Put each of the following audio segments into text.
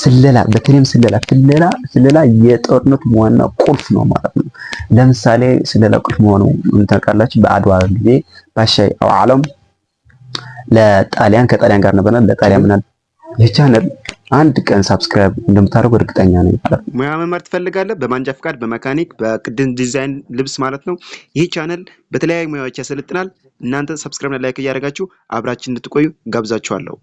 ስለላ በተለይም ስለላ ስለላ ስለላ የጦርነት ዋና ቁልፍ ነው ማለት ነው። ለምሳሌ ስለላ ቁልፍ መሆኑ እንታውቃላችሁ። በአድዋ ጊዜ አው ዓለም ለጣሊያን ከጣሊያን ጋር ነበርና ለጣሊያን ምናል የቻነል አንድ ቀን ሳብስክራይብ እንደምታደርጉ እርግጠኛ ነኝ ማለት ነው። ሙያ መማር ትፈልጋለህ? በማንጃ ፍቃድ፣ በመካኒክ፣ በቅድን ዲዛይን ልብስ ማለት ነው። ይህ ቻነል በተለያዩ ሙያዎች ያሰልጥናል። እናንተ ሰብስክራይብ ላይክ እያደረጋችሁ አብራችን እንድትቆዩ ጋብዛችኋለሁ።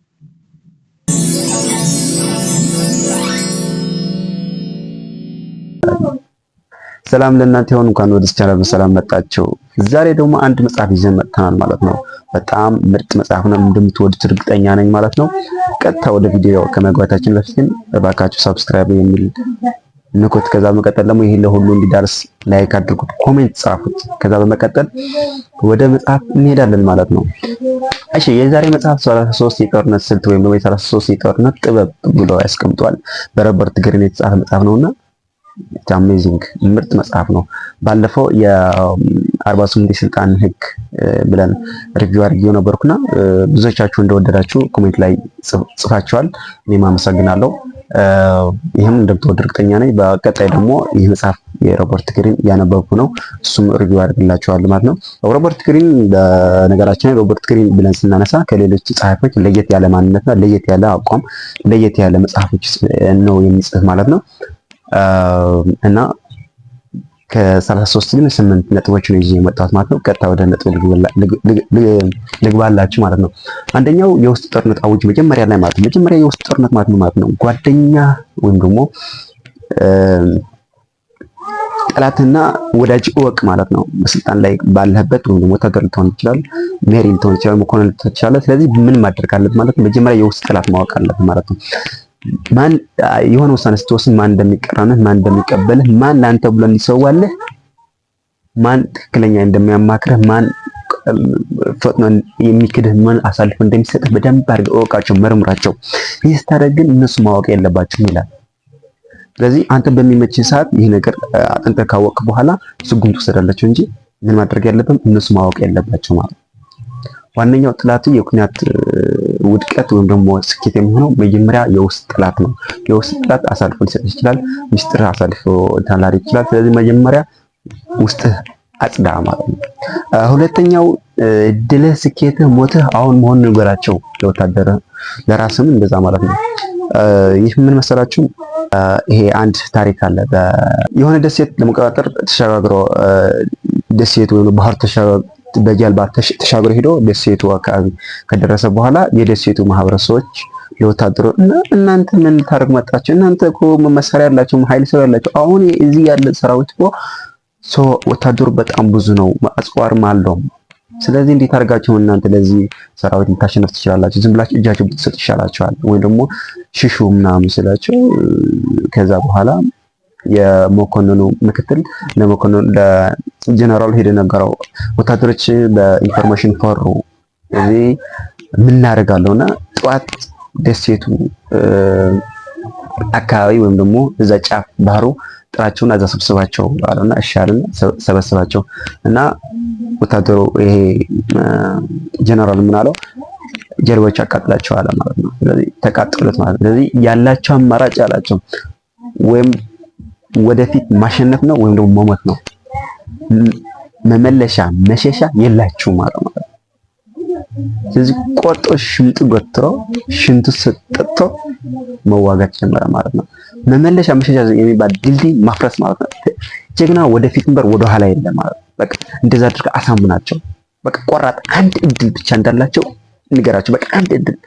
ሰላም ለእናንተ ይሁን። እንኳን ወደ ቻናል በሰላም መጣችሁ። ዛሬ ደግሞ አንድ መጽሐፍ ይዘን መጥተናል ማለት ነው። በጣም ምርጥ መጽሐፍ ነው፣ እንደምትወዱት እርግጠኛ ነኝ ማለት ነው። ቀጥታ ወደ ቪዲዮ ከመግባታችን በፊት ግን እባካችሁ ሰብስክራይብ የሚል ንኩት። ከዛ በመቀጠል ደግሞ ይሄ ለሁሉ እንዲዳርስ ላይክ አድርጉት፣ ኮሜንት ጻፉት። ከዛ በመቀጠል ወደ መጽሐፍ እንሄዳለን ማለት ነው። እሺ የዛሬ መጽሐፍ 33 የጦርነት ስልት ወይም ደግሞ 33 የጦርነት ጥበብ ብሎ ያስቀምጧል። በሮበርት ግሪን የተጻፈ መጽሐፍ ነውና አሜዚንግ ምርጥ መጽሐፍ ነው። ባለፈው የ48 የስልጣን ህግ ብለን ሪቪው አድርጌው ነበርኩና ብዙዎቻችሁ እንደወደዳችሁ ኮሜንት ላይ ጽፋችኋል። እኔም አመሰግናለሁ። ይህም እንደምትወድ እርግጠኛ ነኝ። በቀጣይ ደግሞ ይህ መጽሐፍ የሮበርት ግሪን እያነበብኩ ነው። እሱም ሪቪው አድርግላቸዋለሁ ማለት ነው። ሮበርት ግሪን በነገራችን ላይ ሮበርት ግሪን ብለን ስናነሳ ከሌሎች ጸሐፊዎች ለየት ያለ ማንነትና ለየት ያለ አቋም፣ ለየት ያለ መጽሐፎች ነው የሚጽፍ ማለት ነው። እና ከ33 ግን ስምንት ነጥቦች ነው ይዤ የመጣሁት ማለት ነው። ቀጥታ ወደ ነጥብ ልግባላችሁ ማለት ነው። አንደኛው የውስጥ ጦርነት አውጅ መጀመሪያ ላይ ማለት ነው። መጀመሪያ የውስጥ ጦርነት ማለት ነው ማለት ነው ጓደኛ ወይም ደግሞ ጠላትና ወዳጅ እወቅ ማለት ነው። በስልጣን ላይ ባለህበት ወይም ደግሞ ወታደር ልትሆን ይችላል፣ ሜሪ ልትሆን ይችላል፣ መኮንን ልትሆን ይችላል። ስለዚህ ምን ማድረግ አለብህ ማለት ነው? መጀመሪያ የውስጥ ጠላት ማወቅ አለብህ ማለት ነው። ማን የሆነ ውሳኔ ስትወስን ማን እንደሚቀራንህ፣ ማን እንደሚቀበልህ፣ ማን ለአንተ ብሎ እንዲሰዋልህ፣ ማን ትክክለኛ እንደሚያማክርህ፣ ማን ፈጥኖ የሚክድህ፣ ማን አሳልፎ እንደሚሰጥህ በደንብ አድርገህ እወቃቸው፣ መርምራቸው። ይህ ስታደርግ ግን እነሱ ማወቅ የለባቸውም ይላል። ስለዚህ አንተ በሚመች ሰዓት ይህ ነገር አጥንተህ ካወቅህ በኋላ ስጉም ትወሰዳላቸው እንጂ ምን ማድረግ ያለብህም እነሱ ማወቅ የለባቸው ማለት ዋነኛው ጥላቱ የኩናት ውድቀት ወይም ደግሞ ስኬት የሚሆነው መጀመሪያ የውስጥ ጥላት ነው። የውስጥ ጥላት አሳልፎ ሊሰጥ ይችላል፣ ሚስጥር አሳልፎ ሊታላሪ ይችላል። ስለዚህ መጀመሪያ ውስጥ አጽዳ ማለት ነው። ሁለተኛው ድልህ፣ ስኬትህ፣ ሞትህ አሁን መሆን ንገራቸው ለወታደር ለራስም እንደዛ ማለት ነው። ይህ ምን መሰላችሁ? ይሄ አንድ ታሪክ አለ። የሆነ ደሴት ለመቆጣጠር ተሸጋግሮ ደሴት ወይም ባህር በጀልባ ተሻግሮ ሄዶ ደሴቱ አካባቢ ከደረሰ በኋላ የደሴቱ ማህበረሰቦች ለወታደሮ እናንተ ምን ልታደርግ መጣችሁ? እናንተ እኮ መሳሪያ ያላችሁ ኃይል ሰው ያላችሁ አሁን እዚህ ያለ ሰራዊት እኮ ሰው ወታደሩ በጣም ብዙ ነው፣ አጽዋርም አለው። ስለዚህ እንዴት አድርጋችሁ እናንተ ለዚህ ሰራዊት ልታሸነፍ ትችላላችሁ? ዝም ብላችሁ እጃችሁ ብትሰጥ ይሻላችኋል፣ ወይም ደግሞ ሽሹ ምናምን ስላቸው ከዛ በኋላ የመኮንኑ ምክትል ለመኮንኑ ለጀነራሉ ሄደ ነገረው። ወታደሮች በኢንፎርሜሽን ፈሩ። እዚህ ምን ላደርጋለሁ እና ጠዋት ደሴቱ አካባቢ ወይም ደግሞ እዛ ጫፍ ባህሩ ጥራቸውን አዛ ሰብስባቸው አለና እሻልን ሰበስባቸው እና ወታደሩ ይሄ ጀነራል ምን አለው ጀልባዎች አቃጥላቸው አለ ማለት ነው። ስለዚህ ተቃጠሉት ማለት ስለዚህ ያላቸው አማራጭ አላቸው ወይም ወደፊት ማሸነፍ ነው ወይም ደግሞ መሞት ነው። መመለሻ መሸሻ የላችሁ ማለት ነው። ስለዚህ ቆጦ ሽምጥ ጎትሮ ሽንቱ ሰጥቶ መዋጋት ጀመረ ማለት ነው። መመለሻ መሸሻ የሚባል ድልድይ ማፍረስ ማለት ነው። ጀግና ወደፊት ንበር ወደ ኋላ የለም ማለት ነው። በቃ እንደዛ አድርገህ አሳምናቸው። በቃ ቆራጥ አንድ እድል ብቻ እንዳላቸው ንገራቸው። በቃ አንድ እድል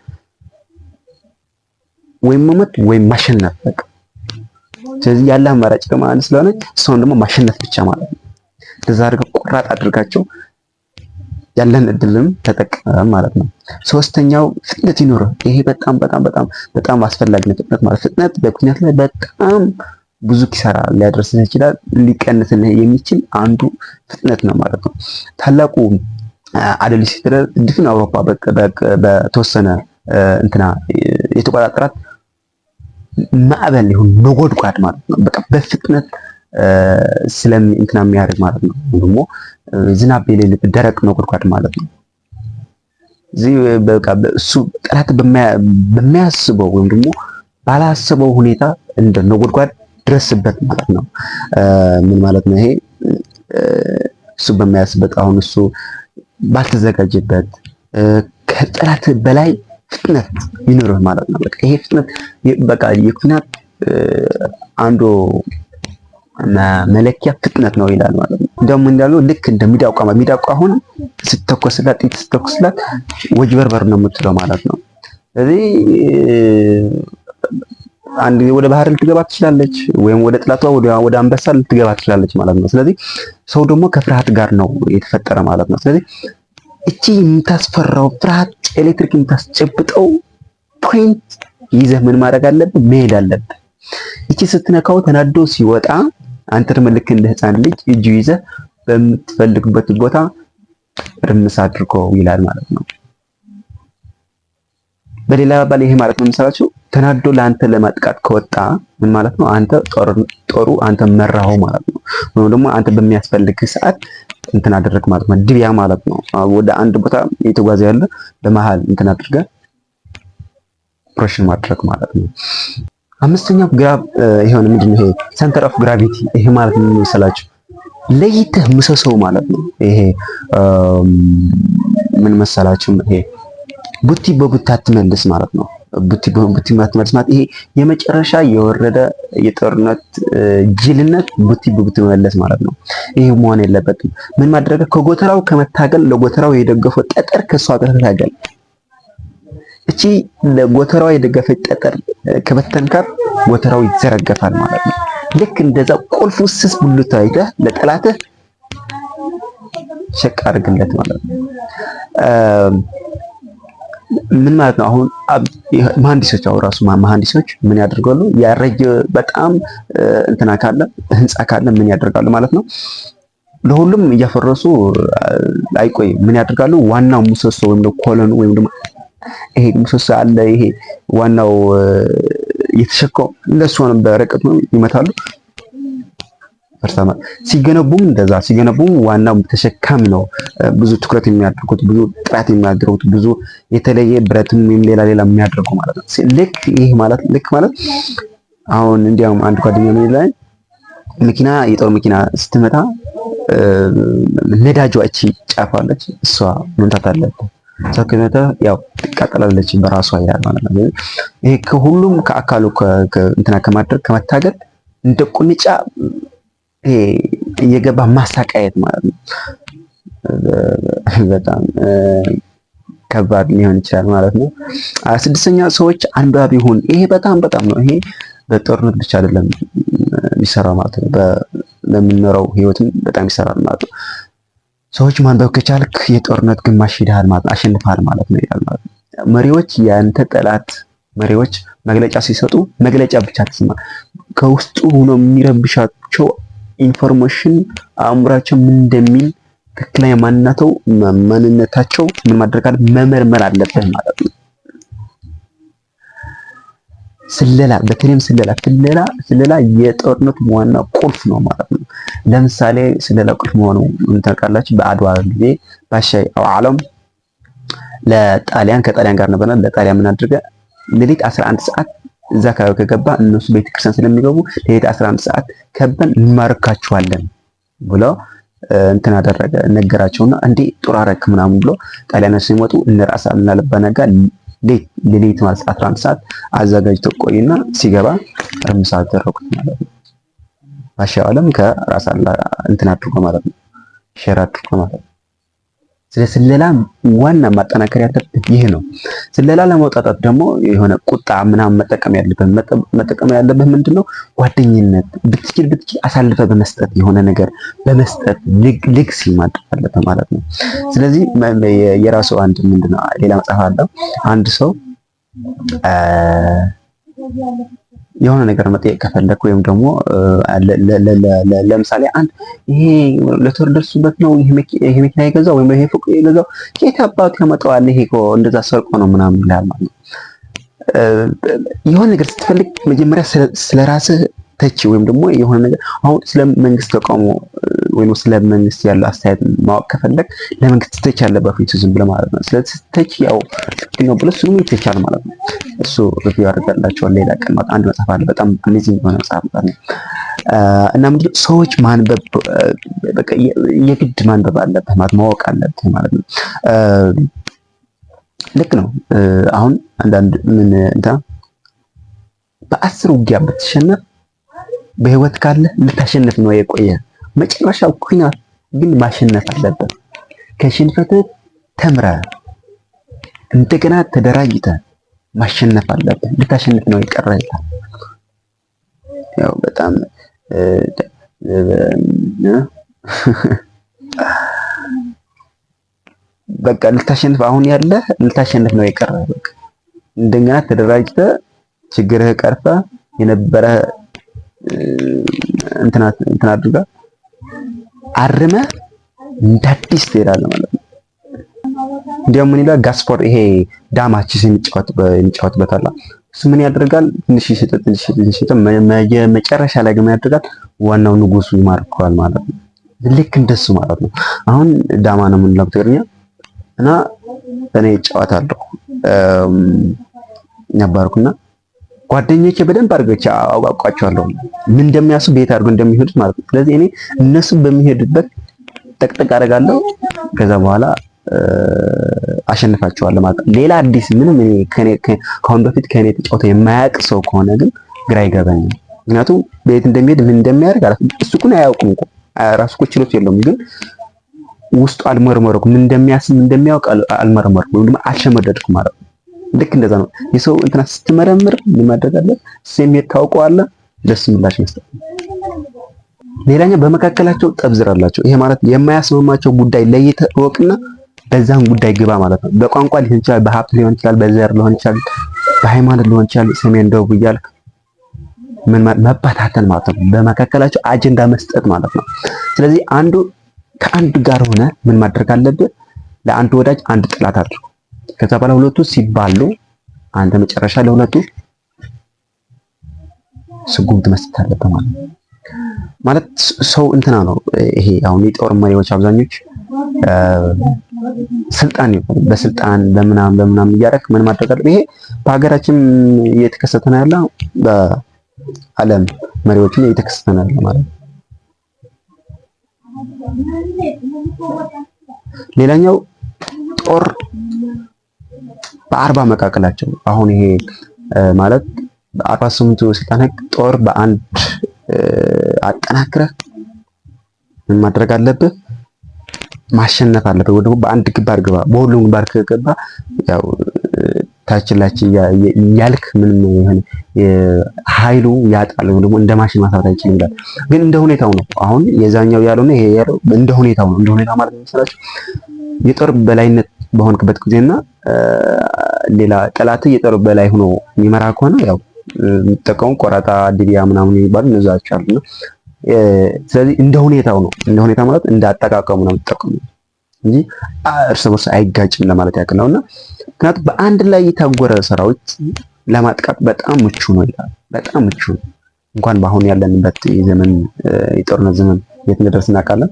ወይም መሞት ወይም ማሸነፍ በቃ ስለዚህ ያለ አማራጭ ደግሞ ስለሆነ እሷን ደግሞ ማሸነፍ ብቻ ማለት ነው። ለዛ አድርገው ቁራጥ አድርጋቸው ያለን እድልም ተጠቅመን ማለት ነው። ሶስተኛው ፍጥነት ይኖር። ይሄ በጣም በጣም በጣም በጣም አስፈላጊ ነው። ፍጥነት ማለት ፍጥነት በኩነት ላይ በጣም ብዙ ኪሳራ ሊያደርስልህ ይችላል። ሊቀንስልህ የሚችል አንዱ ፍጥነት ነው ማለት ነው። ታላቁ አደሊስ ድፍን አውሮፓ በተወሰነ እንትና የተቆጣጠራት ማዕበል ይሁን ነጎድጓድ ማለት ነው። በቃ በፍጥነት ስለም እንትና የሚያደርግ ማለት ነው። ደግሞ ዝናብ የሌለበት ደረቅ ነጎድጓድ ማለት ነው። እዚህ በቃ እሱ ጠላት በሚያስበው ወይም ደግሞ ባላሰበው ሁኔታ እንደ ነጎድጓድ ድረስበት ማለት ነው። ምን ማለት ነው ይሄ? እሱ በሚያስበት አሁን እሱ ባልተዘጋጀበት ከጠላት በላይ ፍጥነት ይኑርህ ማለት ነው። በቃ ይሄ ፍጥነት በቃ የኩናት አንዱ መለኪያ ፍጥነት ነው ይላል ማለት ነው። ደግሞ እንዳሉ ልክ እንደ ሚዳቋ ሚዳቋ አሁን ስተኮስላት ጥይት ስተኮስላት ወጅበርበር ነው የምትለው ማለት ነው። ስለዚህ አንድ ወደ ባህር ልትገባ ትችላለች፣ ወይም ወደ ጥላቷ ወደ አንበሳ ልትገባ ትችላለች ማለት ነው። ስለዚህ ሰው ደግሞ ከፍርሃት ጋር ነው የተፈጠረ ማለት ነው። ስለዚህ እቺ የምታስፈራው ፍርሃት ኤሌክትሪክ የምታስጨብጠው ፖይንት ይዘህ ምን ማድረግ አለብህ? መሄድ አለብህ። እቺ ስትነካው ተናዶ ሲወጣ አንተም ልክ እንደ ህፃን ልጅ እጁ ይዘህ በምትፈልግበት ቦታ ርምስ አድርጎ ይላል ማለት ነው። በሌላ ባል ይሄ ማለት ነው የምሰራችሁ ተናዶ ለአንተ ለማጥቃት ከወጣ ምን ማለት ነው? አንተ ጦሩ አንተ መራው ማለት ነው። ወይም ደግሞ አንተ በሚያስፈልግህ ሰዓት እንትን አደረግ ማለት ነው። ድቢያ ማለት ነው። ወደ አንድ ቦታ እየተጓዘ ያለ በመሃል እንትን አድርገ ኦፕሬሽን ማድረግ ማለት ነው። አምስተኛው ግራብ ይሄው ምንድነው? ይሄ ሴንተር ኦፍ ግራቪቲ ይሄ ማለት ምን መሰላችሁ? ለይተህ ምሰሰው ማለት ነው። ይሄ ምን መሰላችሁ? ይሄ ቡቲ በቡታ አትመልስ ማለት ነው። ቡቲ በሆን ማለት ይሄ የመጨረሻ የወረደ የጦርነት ጅልነት ቡቲ በቡቲ መለስ ማለት ነው። ይሄ መሆን የለበትም። ምን ማድረግ ከጎተራው ከመታገል ለጎተራው የደገፈው ጠጠር ከሷ ጋር ተታገል። እቺ ለጎተራው የደገፈ ጠጠር ከበተንካር ጎተራው ይዘረገፋል ማለት ነው። ልክ እንደዛ ቁልፍ ስስ ብሉት አይተህ ለጠላትህ ሸቅ አድርግለት ማለት ነው። ምን ማለት ነው? አሁን መሐንዲሶች አሁን ራሱ መሐንዲሶች ምን ያደርጋሉ? ያረጀ በጣም እንትና ካለ ህንፃ ካለ ምን ያደርጋሉ ማለት ነው? ለሁሉም እያፈረሱ አይቆይ ምን ያደርጋሉ? ዋናው ሙሰሶ ወይም ደግሞ ኮለኑ ወይም ደግሞ ይሄ ሙሰሶ አለ ይሄ ዋናው የተሸከው እንደሱ በረቀት ነው ይመታሉ። ፐርሰማ ሲገነቡም እንደዛ ሲገነቡም ዋናው ተሸካሚ ነው። ብዙ ትኩረት የሚያደርጉት ብዙ ጥራት የሚያደርጉት ብዙ የተለየ ብረትም ወይም ሌላ ሌላ የሚያደርጉ ማለት ነው። ልክ ይህ ማለት ልክ ማለት አሁን እንዲያውም አንድ ጓደኛ ምን ላይ መኪና የጦር መኪና ስትመጣ ነዳጇ እቺ ጫፋለች እሷ መምታት አለበት ሰው ያው ትቃጠላለች በራሷ ይላል ማለት ነው። ይሄ ከሁሉም ከአካሉ እንትና ከማድረግ ከመታገል እንደ ቁንጫ እየገባ ማሳቃየት ማለት ነው። በጣም ከባድ ሊሆን ይችላል ማለት ነው። ስድስተኛ ሰዎች አንባቢ ሁን። ይሄ በጣም በጣም ነው። ይሄ በጦርነት ብቻ አይደለም የሚሰራው ማለት ነው። ለምንኖረው ህይወትም በጣም ይሰራል ማለት ነው። ሰዎች ማንበብ ከቻልክ የጦርነት ግማሽ ሂደሃል ማለት ነው፣ አሸንፈሃል ማለት ነው ይላል ማለት ነው። መሪዎች የአንተ ጠላት መሪዎች መግለጫ ሲሰጡ መግለጫ ብቻ ተሰማ ከውስጡ ሆኖ የሚረብሻቸው ኢንፎርሜሽን አእምሯቸው ምን እንደሚል ትክክለኛ ማንነታቸው ማንነታቸው ምን ማድረግ አለ መመርመር አለብህ ማለት ነው። ስለላ በተለይም ስለላ ስለላ ስለላ የጦርነት ዋና ቁልፍ ነው ማለት ነው። ለምሳሌ ስለላ ቁልፍ መሆኑ እንታውቃላችሁ። በአድዋ ጊዜ ባሻ ዓለም ለጣሊያን ከጣሊያን ጋር ነበርና ለጣሊያን ምን አድርገ ሌሊት 11 ሰዓት እዛ አካባቢ ከገባ እነሱ ቤተክርስቲያን ስለሚገቡ ሌሊት 11 ሰዓት ከበን እንማርካችኋለን ብሎ እንትን አደረገ ነገራቸውና፣ እንዴ ጦር አረክ ምናምን ብሎ ጣሊያኖች ሲመጡ እንራሳ እና ሌት ሌሊት ማለት 11 ሰዓት አዘጋጅተው ቆይና ሲገባ እርምሳ አደረጉት ማለት ነው። ባሻው ዓለም ከራስ እንትን አድርጎ ማለት ነው ሸር አድርጎ ማለት ነው። ስለ ስለላ ዋና ማጠናከር ያለብን ይህ ነው። ስለላ ለመውጣጣት ደግሞ የሆነ ቁጣ ምናምን መጠቀም ያለብን መጠቀም ያለብህ ምንድን ነው? ጓደኝነት ብትችል ብትችል አሳልፈ በመስጠት የሆነ ነገር በመስጠት ልግ ሲል ማጠፍ ማለት ነው። ስለዚህ የራሱ አንድ ምንድን ነው ሌላ መጽሐፍ አለው አንድ ሰው የሆነ ነገር መጠየቅ ከፈለክ ወይም ደግሞ ለምሳሌ አንድ ይሄ ለቶር ደርሱበት ነው ይሄ መኪና የገዛው ወይም ይሄ ፎቅ የገዛው ኬት አባቱ ያመጣዋል ይሄ እንደዛ ሰርቆ ነው ምናምን ይላል ማለት ነው። የሆነ ነገር ስትፈልግ መጀመሪያ ስለራስህ ተቺ ወይም ደግሞ የሆነ ነገር አሁን ስለ መንግስት ተቃውሞ ወይም ስለ መንግስት ያለው አስተያየት ማወቅ ከፈለግ ለመንግስት ተቺ ያለበት ፊት ዝም ብለህ ማለት ነው። ስለዚህ ተቺ ያው ነው ብለህ እሱንም ይተቻል ማለት ነው። እሱ ሪቪው አድርጋላቸዋል ሌላ ቀን ማለት አንድ መጽሐፍ አለ በጣም አሜዚንግ የሆነ መጽሐፍ ማለት ነው። እና ምንድነው ሰዎች ማንበብ በቃ የግድ ማንበብ አለብህ ማለት ማወቅ አለብህ ማለት ነው። ልክ ነው። አሁን አንዳንድ ምን እንታ በአስር ውጊያ ብትሸነፍ በህይወት ካለ ልታሸንፍ ነው የቆየ። መጨረሻው ኩናት ግን ማሸነፍ አለበት። ከሽንፈት ተምረ እንደገና ተደራጅተ ማሸነፍ አለበት። ልታሸንፍ ነው የቀረ ያው በጣም በቃ ልታሸንፍ አሁን ያለ ልታሸንፍ ነው የቀረ። በቃ እንደገና ተደራጅተ ችግርህ ቀርፈ የነበረ እንትን አድርጋ አርመ እንዳዲስ ትሄዳለህ ማለት ነው። እንዲያውም ምን ይላል ጋስፖር ይሄ ዳማችስ የሚጫወትበት አለ። እሱ ምን ያደርጋል? ትንሽ ይሽጥ ትንሽ ይሽጥ፣ መጨረሻ ላይ ግን ያደርጋል ዋናው ንጉሱ ይማርከዋል ማለት ነው። ልክ እንደሱ ማለት ነው። አሁን ዳማ ነው የምንለው ትግርኛ እና እኔ እጫወታለሁ ነበርኩና ጓደኞቼ በደንብ አድርገች አውቃቸዋለሁ ምን እንደሚያስቡ ቤት አድርገው እንደሚሄዱት ማለት ነው። ስለዚህ እኔ እነሱ በሚሄዱበት ጠቅጠቅ አደርጋለሁ። ከዛ በኋላ አሸንፋቸዋለሁ ማለት ነው። ሌላ አዲስ ምንም እኔ ከአሁን በፊት ከኔ ተጫውቶ የማያውቅ ሰው ከሆነ ግን ግራ ይገባኛል። ምክንያቱም ቤት እንደሚሄድ ምን እንደሚያደርግ እሱ ግን አያውቅም እኮ ራሱ እኮ ችሎት የለውም ግን ውስጡ አልመረመረኩም። ምን እንደሚያስብ እንደሚያውቅ አልመረመረኩም፣ ወይም ደግሞ አልሸመደድኩም ማለት ነው። ልክ እንደዛ ነው። የሰው እንትና ስትመረምር ምን ማድረግ አለ? ስሜት ደስ ምላሽ መስጠት። ሌላኛው በመካከላቸው ጠብዝር አላቸው። ይሄ ማለት የማያስማማቸው ጉዳይ ለይተህ እወቅና በዛን ጉዳይ ግባ ማለት ነው። በቋንቋ ሊሆን ይችላል፣ በሀብት ሊሆን ይችላል፣ በዘር ሊሆን ይችላል፣ በሃይማኖት ሊሆን ይችላል፣ ሰሜን ደቡብ እያልክ ምን መበታተን ማለት ነው። በመካከላቸው አጀንዳ መስጠት ማለት ነው። ስለዚህ አንዱ ከአንድ ጋር ሆነ ምን ማድረግ አለብህ? ለአንድ ወዳጅ አንድ ጥላት አድርጎ ከዛ በኋላ ሁለቱ ሲባሉ አንተ መጨረሻ ለሁለቱ ስጉምት መስጠት አለበት ማለት ነው። ማለት ሰው እንትና ነው ይሄ አሁን የጦር መሪዎች አብዛኞች ስልጣን ይባል በስልጣን በምናም በምናም እያደረክ ምን ማድረግ ይሄ በሀገራችን እየተከሰተ ነው በአለም በዓለም መሪዎች ላይ እየተከሰተ ነው ያለው ማለት ነው። ሌላኛው ጦር በአርባ መካከላቸው አሁን ይሄ ማለት አርባ ስምንቱ ስልጣን ህግ ጦር በአንድ አጠናክረህ ምን ማድረግ አለብህ? ማሸነፍ አለብህ። ወይ ደግሞ በአንድ ግንባር ግባ። በሁሉም ግንባር ከገባ ያው ታችላች ያልክ ምንም የሆነ ኃይሉ ያጣል ወይ ደግሞ እንደ ማሽን ማሳባት አይችልም ይላል። ግን እንደ ሁኔታው ነው። አሁን የዛኛው ያለው ነው ይሄ ያለው እንደ ሁኔታው ነው። እንደ ሁኔታው ማለት ነው የጦር በላይነት በሆንክበት ጊዜና ሌላ ጠላት እየጠሩ በላይ ሆኖ የሚመራ ከሆነ ያው የሚጠቀሙ ቆራጣ ዲቢያ ምናምን የሚባሉ እነዛች አሉና፣ ስለዚህ እንደ ሁኔታው ነው። እንደ ሁኔታ ማለት እንዳጠቃቀሙ ነው የሚጠቀሙ እንጂ እርስ በርስ አይጋጭም ለማለት ያክል እና ምክንያቱም በአንድ ላይ የታጎረ ሰራዊት ለማጥቃት በጣም ምቹ ነው ይላል። በጣም ምቹ ነው። እንኳን በአሁን ያለንበት የዘመን የጦርነት ዘመን የት እንደደረስን እናውቃለን።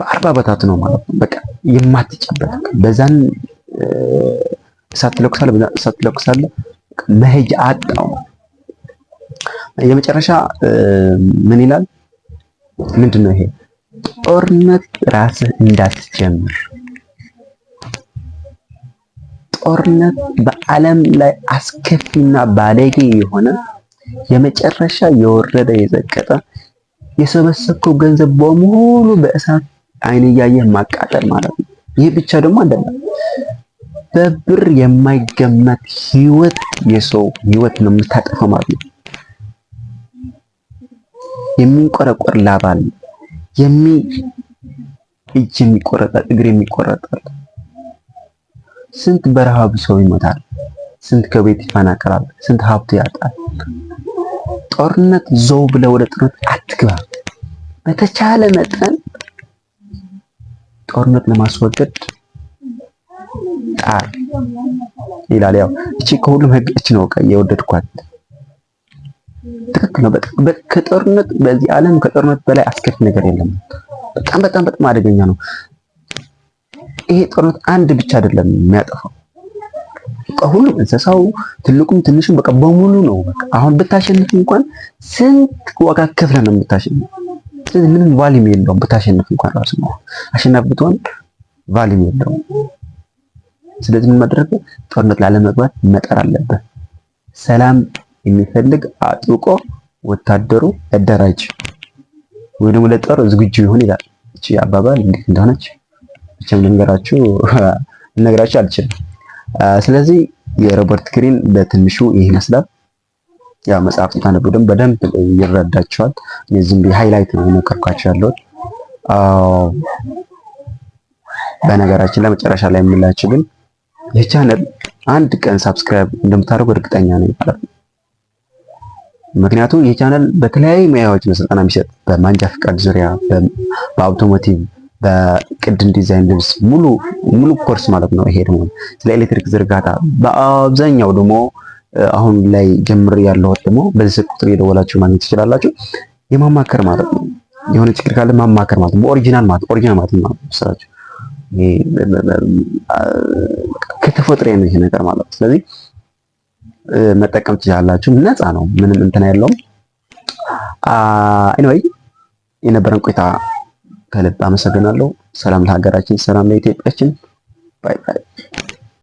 በአርባ በታት ነው ማለት ነው በቃ የማትጨበጥ በዛን እሳት ትለኩሳለህ፣ በዛን እሳት ትለኩሳለህ። መሄጃ አጣው። የመጨረሻ ምን ይላል? ምንድን ነው ይሄ? ጦርነት ራስህ እንዳትጀምር። ጦርነት በዓለም ላይ አስከፊና ባለጌ የሆነ የመጨረሻ የወረደ የዘቀጠ የሰበሰብከው ገንዘብ በሙሉ በእሳት አይን እያየህ ማቃጠል ማለት ነው። ይህ ብቻ ደግሞ አይደለም። በብር የማይገመት ህይወት የሰው ህይወት ነው የምታጠፈው ማለት ነው። የሚንቆረቆር ላባል፣ የሚ እጅ የሚቆረጣል፣ እግር የሚቆረጣል። ስንት በረሃብ ሰው ይሞታል። ስንት ከቤት ይፈናቀላል። ስንት ሀብቱ ያጣል። ጦርነት ዘው ብለህ ወደ ጦርነት አትግባ። በተቻለ መጠን ጦርነት ለማስወገድ ጣር ይላል። ያው እቺ ከሁሉም ህግ እች ነው ቀይ የወደድኳት ትክክል ነው። ከጦርነት በዚህ ዓለም ከጦርነት በላይ አስከፊ ነገር የለም። በጣም በጣም በጣም አደገኛ ነው። ይሄ ጦርነት አንድ ብቻ አይደለም የሚያጠፋው ሁሉም እንስሳው ትልቁም ትንሹም በቃ በሙሉ ነው። በቃ አሁን ብታሸንፍ እንኳን ስንት ዋጋ ከፍለ ነው የምታሸንፍ ስለዚህ ምንም ቫሊም የለውም። ብታሸንፍ እንኳን ራሱ ነው አሸናፊ ብትሆን ቫሊም የለውም። ስለዚህ ምን ማድረግ ጦርነት ላለመግባት መጠር አለብህ። ሰላም የሚፈልግ አጥብቆ ወታደሩ ያደራጅ ወይ ደግሞ ለጦር ዝግጁ ይሁን ይላል። እቺ አባባል እንዴት እንደሆነች ብቻም ልንገራችሁ ልነግራችሁ አልችልም። ስለዚህ የሮበርት ግሪን በትንሹ ይህ ይመስላል። ያ መጽሐፍ ታነቡ ደግሞ በደንብ ይረዳቸዋል። የዚህም ሃይላይት ነው የሞከርኳቸው ያለሁት። በነገራችን ለመጨረሻ ላይ የምላችሁ ግን ይህ ቻነል አንድ ቀን ሳብስክራይብ እንደምታደርጉ እርግጠኛ ነኝ ማለት ነው። ምክንያቱም ይህ ቻነል በተለያዩ ሙያዎች ስልጠና የሚሰጥ በማንጃ ፍቃድ ዙሪያ፣ በአውቶሞቲቭ፣ በቅድን ዲዛይን ልብስ ሙሉ ሙሉ ኮርስ ማለት ነው። ይሄ ደግሞ ስለ ኤሌክትሪክ ዝርጋታ በአብዛኛው ደግሞ አሁን ላይ ጀምር ያለሁት ደግሞ በዚህ ስልክ ቁጥር የደወላችሁ ማግኘት ትችላላችሁ። የማማከር ማለት ነው። የሆነ ችግር ካለ ማማከር ማለት ነው። ኦሪጂናል ማለት ኦሪጂናል ማለት ነው ስራችሁ ከተፈጥሮ ነው ይሄ ነገር ማለት ነው። ስለዚህ መጠቀም ትችላላችሁ። ነፃ ነው። ምንም እንትን ያለውም ኤኒዌይ የነበረን ቆይታ ከልብ አመሰግናለሁ። ሰላም ለሀገራችን፣ ሰላም ለኢትዮጵያችን። ባይ ባይ።